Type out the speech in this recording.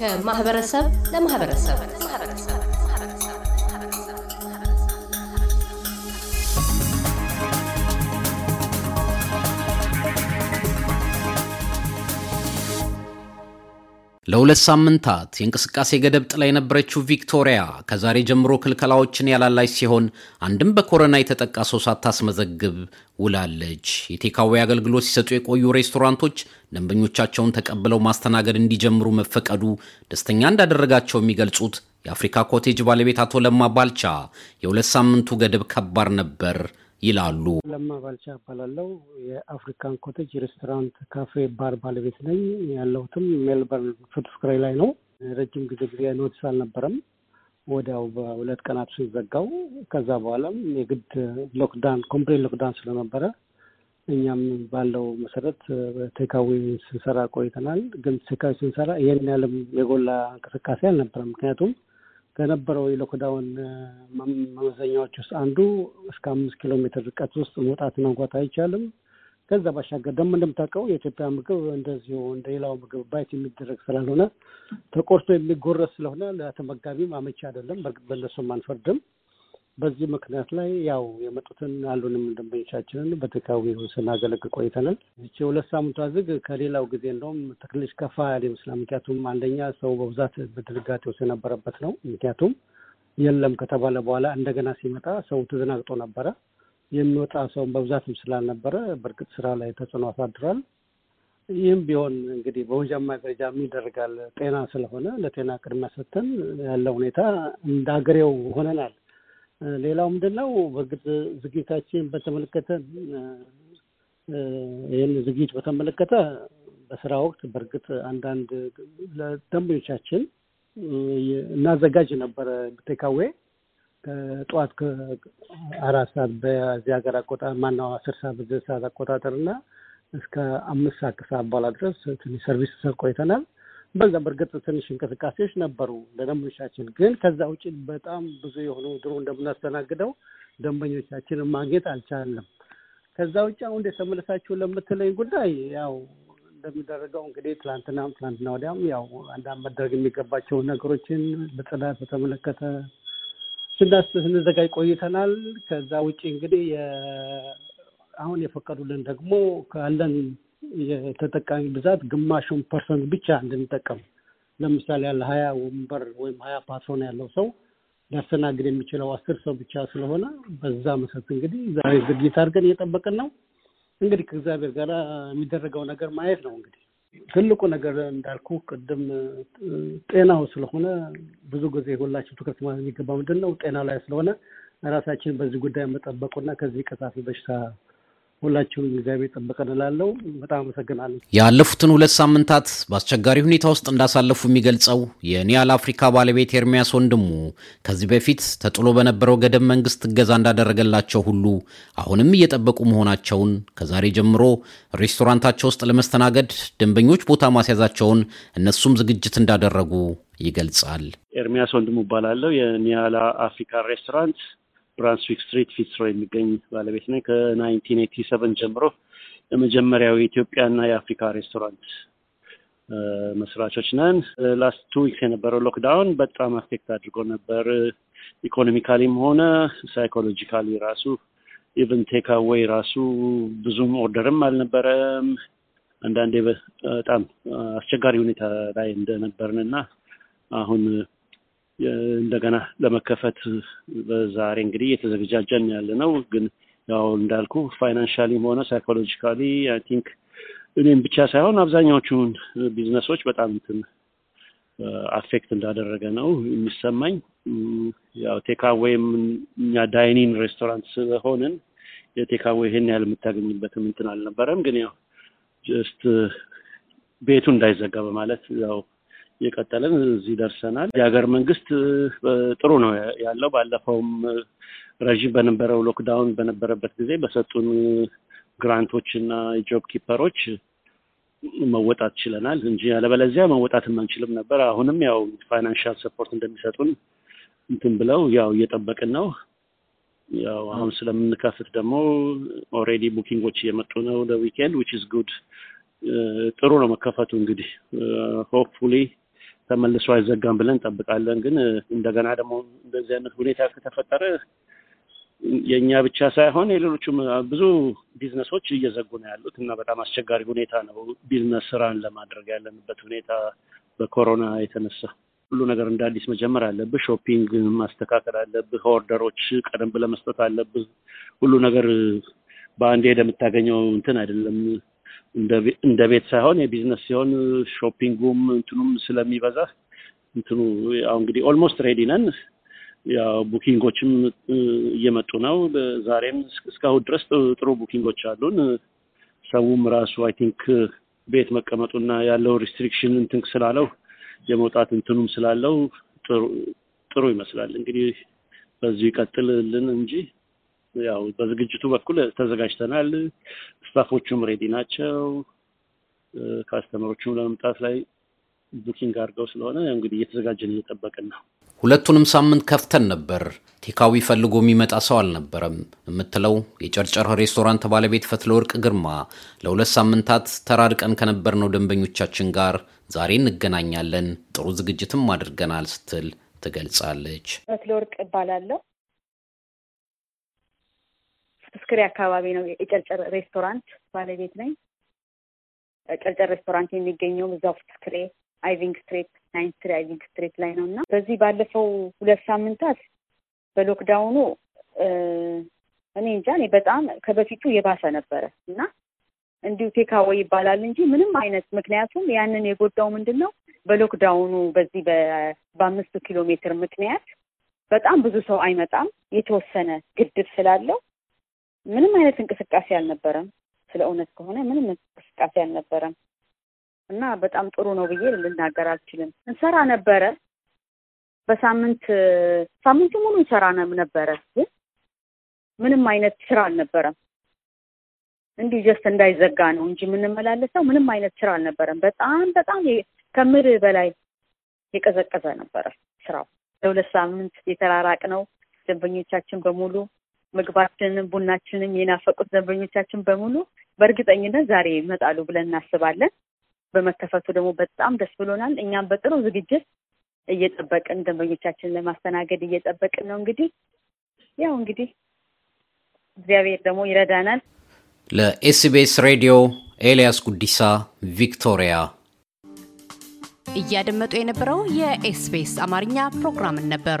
ከማህበረሰብ ለማህበረሰብ ለሁለት ሳምንታት የእንቅስቃሴ ገደብ ጥላ የነበረችው ቪክቶሪያ ከዛሬ ጀምሮ ክልከላዎችን ያላላች ሲሆን አንድም በኮረና የተጠቃ ሰው ሳታስመዘግብ ውላለች። የቴካዌ አገልግሎት ሲሰጡ የቆዩ ሬስቶራንቶች ደንበኞቻቸውን ተቀብለው ማስተናገድ እንዲጀምሩ መፈቀዱ ደስተኛ እንዳደረጋቸው የሚገልጹት የአፍሪካ ኮቴጅ ባለቤት አቶ ለማ ባልቻ የሁለት ሳምንቱ ገደብ ከባድ ነበር ይላሉ። ለማ ባልቻ እባላለሁ። የአፍሪካን ኮቴጅ ሬስቶራንት ካፌ ባር ባለቤት ነኝ። ያለሁትም ሜልበርን ፉድ ላይ ነው። ረጅም ጊዜ ጊዜ ኖቲስ አልነበረም። ወዲያው በሁለት ቀናት ሲዘጋው ከዛ በኋላም የግድ ሎክዳን ኮምፕሌን ሎክዳን ስለነበረ እኛም ባለው መሰረት ቴካዊ ስንሰራ ቆይተናል። ግን ቴካዊ ስንሰራ ይህን ያለም የጎላ እንቅስቃሴ አልነበረም። ምክንያቱም ከነበረው የሎክዳውን መመዘኛዎች ውስጥ አንዱ እስከ አምስት ኪሎ ሜትር ርቀት ውስጥ መውጣት መንጓት አይቻልም። ከዛ ባሻገር ደግሞ እንደምታውቀው የኢትዮጵያ ምግብ እንደዚሁ እንደ ሌላው ምግብ ባይት የሚደረግ ስላልሆነ ተቆርቶ የሚጎረስ ስለሆነ ለተመጋቢም አመቺ አይደለም። በእነሱም አንፈርድም። በዚህ ምክንያት ላይ ያው የመጡትን አሉንም ደንበኞቻችንን በቴካዌው ስናገለግል ቆይተናል። ይቺ ሁለት ሳምንቷ ዝግ ከሌላው ጊዜ እንደውም ትክልሽ ከፋ ያለ ይመስላል። ምክንያቱም አንደኛ ሰው በብዛት በድንጋጤ ውስጥ የነበረበት ነው። ምክንያቱም የለም ከተባለ በኋላ እንደገና ሲመጣ ሰው ተዘናግጦ ነበረ። የሚወጣ ሰውን በብዛትም ስላልነበረ በእርግጥ ስራ ላይ ተጽዕኖ አሳድሯል። ይህም ቢሆን እንግዲህ በመጀመሪያ ደረጃ የሚደረጋል ጤና ስለሆነ ለጤና ቅድሚያ ሰጥተን ያለ ሁኔታ እንደ አገሬው ሆነናል። ሌላው ምንድን ነው በእርግጥ ዝግጅታችን በተመለከተ ይህን ዝግጅት በተመለከተ በስራ ወቅት በእርግጥ አንዳንድ ለደንበኞቻችን እናዘጋጅ ነበረ ቴካዌ ከጠዋት ከአራት ሰዓት በዚህ ሀገር አቆጣጠር ማናው አስር ሰዓት በዚህ ሰዓት አቆጣጠር እና እስከ አምስት ሰዓት ከሰዓት በኋላ ድረስ ትንሽ ሰርቪስ ቆይተናል። በዛም በእርግጥ ትንሽ እንቅስቃሴዎች ነበሩ ለደንበኞቻችን። ግን ከዛ ውጭ በጣም ብዙ የሆኑ ድሮ እንደምናስተናግደው ደንበኞቻችንን ማግኘት አልቻለም። ከዛ ውጭ አሁን የተመለሳችሁ ለምትለኝ ጉዳይ ያው እንደሚደረገው እንግዲህ ትላንትናም ትላንትና ወዲያም ያው አንዳንድ መደረግ የሚገባቸውን ነገሮችን በጽዳት በተመለከተ ስንዘጋጅ ቆይተናል። ከዛ ውጭ እንግዲህ አሁን የፈቀዱልን ደግሞ ካለን የተጠቃሚ ብዛት ግማሹን ፐርሰንት ብቻ እንድንጠቀም ለምሳሌ ያለ ሀያ ወንበር ወይም ሀያ ፓትሮን ያለው ሰው ሊያስተናግድ የሚችለው አስር ሰው ብቻ ስለሆነ በዛ መሰረት እንግዲህ ዛሬ ዝግጅት አድርገን እየጠበቅን ነው። እንግዲህ ከእግዚአብሔር ጋር የሚደረገው ነገር ማየት ነው። እንግዲህ ትልቁ ነገር እንዳልኩ ቅድም ጤናው ስለሆነ ብዙ ጊዜ ሁላችን ትኩረት ማለት የሚገባ ምንድን ነው ጤና ላይ ስለሆነ ራሳችን በዚህ ጉዳይ መጠበቁና ከዚህ ቀጣፊ በሽታ ሁላችሁም እግዚአብሔር ጠብቀን እላለሁ። በጣም አመሰግናለሁ። ያለፉትን ሁለት ሳምንታት በአስቸጋሪ ሁኔታ ውስጥ እንዳሳለፉ የሚገልጸው የኒያላ አፍሪካ ባለቤት ኤርሚያስ ወንድሙ ከዚህ በፊት ተጥሎ በነበረው ገደብ መንግስት እገዛ እንዳደረገላቸው ሁሉ አሁንም እየጠበቁ መሆናቸውን ከዛሬ ጀምሮ ሬስቶራንታቸው ውስጥ ለመስተናገድ ደንበኞች ቦታ ማስያዛቸውን እነሱም ዝግጅት እንዳደረጉ ይገልጻል። ኤርሚያስ ወንድሙ እባላለሁ። የኒያላ አፍሪካ ሬስቶራንት ብራንስዊክ ስትሪት ፊትስሮ የሚገኝ ባለቤት ነኝ። ከናይንቲን ኤቲ ሰቨን ጀምሮ የመጀመሪያው የኢትዮጵያና የአፍሪካ ሬስቶራንት መስራቾች ነን። ላስት ቱ ዊክስ የነበረው ሎክዳውን በጣም አፌክት አድርጎ ነበር። ኢኮኖሚካሊም ሆነ ሳይኮሎጂካሊ ራሱ ኢቨን ቴክ አዌይ ራሱ ብዙም ኦርደርም አልነበረም። አንዳንዴ በጣም አስቸጋሪ ሁኔታ ላይ እንደነበርን እና አሁን እንደገና ለመከፈት በዛሬ እንግዲህ እየተዘገጃጀን ያለ ነው። ግን ያው እንዳልኩ ፋይናንሻሊም ሆነ ሳይኮሎጂካሊ አይ ቲንክ እኔም ብቻ ሳይሆን አብዛኛዎቹን ቢዝነሶች በጣም እንትን አፌክት እንዳደረገ ነው የሚሰማኝ። ያው ቴካዌይም እኛ ዳይኒን ሬስቶራንት ስለሆንን የቴካዌ ይህን ያህል የምታገኝበትም እንትን አልነበረም። ግን ያው ጀስት ቤቱ እንዳይዘጋ በማለት ያው እየቀጠልን እዚህ ደርሰናል። የሀገር መንግስት ጥሩ ነው ያለው። ባለፈውም ረዥም በነበረው ሎክዳውን በነበረበት ጊዜ በሰጡን ግራንቶች እና የጆብ ኪፐሮች መወጣት ችለናል እንጂ ያለበለዚያ መወጣት ማንችልም ነበር። አሁንም ያው ፋይናንሻል ሰፖርት እንደሚሰጡን እንትን ብለው ያው እየጠበቅን ነው። ያው አሁን ስለምንከፍት ደግሞ ኦልሬዲ ቡኪንጎች እየመጡ ነው ለዊኬንድ ዊች ኢዝ ጉድ ጥሩ ነው መከፈቱ። እንግዲህ ሆፕፉሊ ተመልሶ አይዘጋም ብለን እንጠብቃለን። ግን እንደገና ደግሞ እንደዚህ አይነት ሁኔታ ከተፈጠረ የእኛ ብቻ ሳይሆን የሌሎችም ብዙ ቢዝነሶች እየዘጉ ነው ያሉት እና በጣም አስቸጋሪ ሁኔታ ነው ቢዝነስ ስራን ለማድረግ ያለንበት ሁኔታ በኮሮና የተነሳ ሁሉ ነገር እንደ አዲስ መጀመር አለብህ። ሾፒንግ ማስተካከል አለብህ። ኦርደሮች ቀደም ብለህ መስጠት አለብህ። ሁሉ ነገር በአንድ ሄደ የምታገኘው እንትን አይደለም። እንደ ቤት ሳይሆን የቢዝነስ ሲሆን ሾፒንጉም እንትኑም ስለሚበዛ እንትኑ ያው እንግዲህ ኦልሞስት ሬዲ ነን። ያው ቡኪንጎችም እየመጡ ነው። ዛሬም እስካሁን ድረስ ጥሩ ቡኪንጎች አሉን። ሰውም ራሱ አይ ቲንክ ቤት መቀመጡና ያለው ሪስትሪክሽን እንትን ስላለው የመውጣት እንትኑም ስላለው ጥሩ ይመስላል። እንግዲህ በዚሁ ይቀጥልልን እንጂ ያው በዝግጅቱ በኩል ተዘጋጅተናል። ስታፎቹም ሬዲ ናቸው። ካስተመሮቹም ለመምጣት ላይ ቡኪንግ አድርገው ስለሆነ እንግዲህ እየተዘጋጀን እየጠበቅን ነው። ሁለቱንም ሳምንት ከፍተን ነበር። ቴካዊ ፈልጎ የሚመጣ ሰው አልነበረም የምትለው የጨርጨር ሬስቶራንት ባለቤት ፈትለወርቅ ግርማ ለሁለት ሳምንታት ተራርቀን ከነበርነው ደንበኞቻችን ጋር ዛሬ እንገናኛለን፣ ጥሩ ዝግጅትም አድርገናል ስትል ትገልጻለች። ፈትለወርቅ እባላለሁ ፍስክሬ አካባቢ ነው። የጨርጨር ሬስቶራንት ባለቤት ነኝ። ጨርጨር ሬስቶራንት የሚገኘው እዛው ፍስክሬ አይቪንግ ስትሬት ናይን አይቪንግ ስትሬት ላይ ነው እና በዚህ ባለፈው ሁለት ሳምንታት በሎክዳውኑ እኔ እንጃ እኔ በጣም ከበፊቱ የባሰ ነበረ እና እንዲሁ ቴካወይ ይባላል እንጂ ምንም አይነት ምክንያቱም ያንን የጎዳው ምንድን ነው በሎክዳውኑ በዚህ በአምስቱ ኪሎ ሜትር ምክንያት በጣም ብዙ ሰው አይመጣም የተወሰነ ግድብ ስላለው ምንም አይነት እንቅስቃሴ አልነበረም። ስለ እውነት ከሆነ ምንም እንቅስቃሴ አልነበረም እና በጣም ጥሩ ነው ብዬ ልናገር አልችልም። እንሰራ ነበረ በሳምንት ሳምንቱ ሙሉ እንሰራ ነበረ፣ ግን ምንም አይነት ስራ አልነበረም። እንዲህ ጀስት እንዳይዘጋ ነው እንጂ የምንመላለሰው ምንም አይነት ስራ አልነበረም። በጣም በጣም ከምር በላይ የቀዘቀዘ ነበረ ስራው። ለሁለት ሳምንት የተራራቅ ነው ደንበኞቻችን በሙሉ ምግባችንን፣ ቡናችንን የናፈቁት ደንበኞቻችን በሙሉ በእርግጠኝነት ዛሬ ይመጣሉ ብለን እናስባለን። በመከፈቱ ደግሞ በጣም ደስ ብሎናል። እኛም በጥሩ ዝግጅት እየጠበቅን ደንበኞቻችን ለማስተናገድ እየጠበቅን ነው። እንግዲህ ያው እንግዲህ እግዚአብሔር ደግሞ ይረዳናል። ለኤስቢኤስ ሬዲዮ ኤልያስ ጉዲሳ ቪክቶሪያ። እያደመጡ የነበረው የኤስቢኤስ አማርኛ ፕሮግራምን ነበር።